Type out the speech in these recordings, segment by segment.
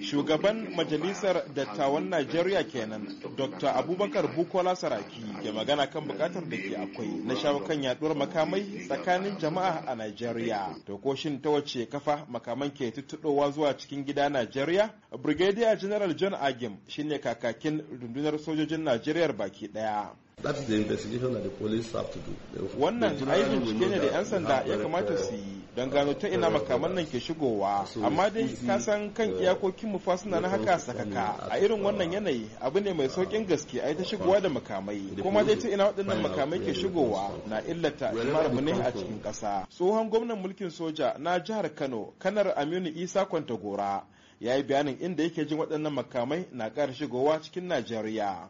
Shugaban Majalisar Dattawan Najeriya kenan, Dr. Abubakar Bukola Saraki ke magana kan bukatar da ke akwai na shawo kan yaduwar makamai tsakanin jama'a a Najeriya. To ta wace kafa makaman ke tuttuɗowa zuwa cikin gida Najeriya? Brigadier General John Agim shine kakakin rundunar sojojin Najeriya baki ɗaya. That is the investigation that the police have to do. Wannan ai bincike ne da 'yan sanda ya kamata su yi don gano ta ina makaman nan ke shigowa. Amma dai ka san kan iyakokin mu fa suna na haka sakaka. A irin wannan yanayi abu ne mai saukin gaske ai ta shigowa da makamai. Kuma dai ta ina waɗannan makamai ke shigowa na illata imar mu ne a cikin ƙasa. Tsohon gwamnan mulkin soja na jihar Kano, Kanar Aminu Isa Kwantagora. ya yi bayanin inda yake jin waɗannan makamai na ƙara shigowa cikin Najeriya.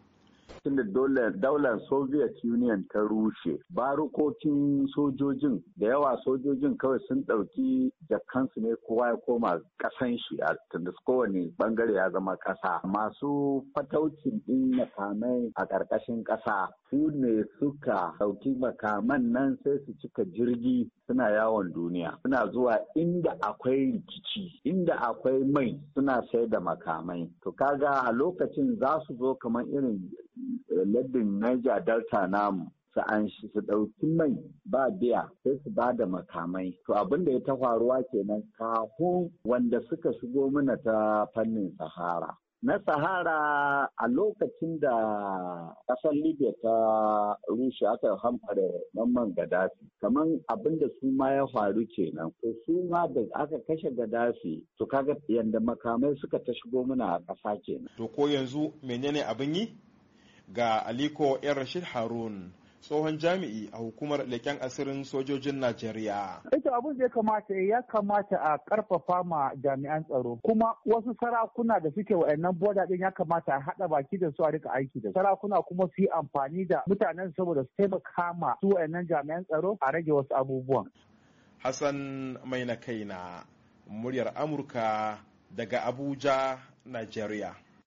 tunda daular soviet union ta rushe barukokin sojojin da yawa sojojin kawai sun ɗauki jakansu ne kowa ya koma ƙasan shi a tunda kowane bangare ya zama ƙasa masu fataucin ɗin makamai a ƙarƙashin ƙasa su ne suka ɗauki makaman nan sai su cika jirgi suna yawon duniya suna zuwa inda akwai rikici inda akwai mai suna sai da makamai to kaga a lokacin za su zo kamar irin lardin Niger Delta namu su an shi su ɗauki mai ba biya sai su ba da makamai. To abin da ya ta faruwa kenan kafin wanda suka shigo mana ta fannin Sahara. Na Sahara a lokacin da ƙasar Libya ta rushe aka hamfare mamman Gaddafi, kaman abin da su ma ya faru kenan. ko su ma da aka kashe Gaddafi, to kaga yadda makamai suka ta shigo mana a ƙasa kenan. To ko yanzu menene abin yi? ga aliko yan rashid harun tsohon jami'i a hukumar leken asirin sojojin Najeriya. Ita abin da ya kamata ya kamata a karfafa ma jami'an tsaro kuma wasu sarakuna da suke wa'annan boda din ya kamata a haɗa baki da su a rika aiki da sarakuna kuma su yi amfani da mutanen saboda su taimaka ma su wa'annan jami'an tsaro a rage wasu abubuwan. Hassan mai na kai na muryar Amurka daga Abuja, Najeriya.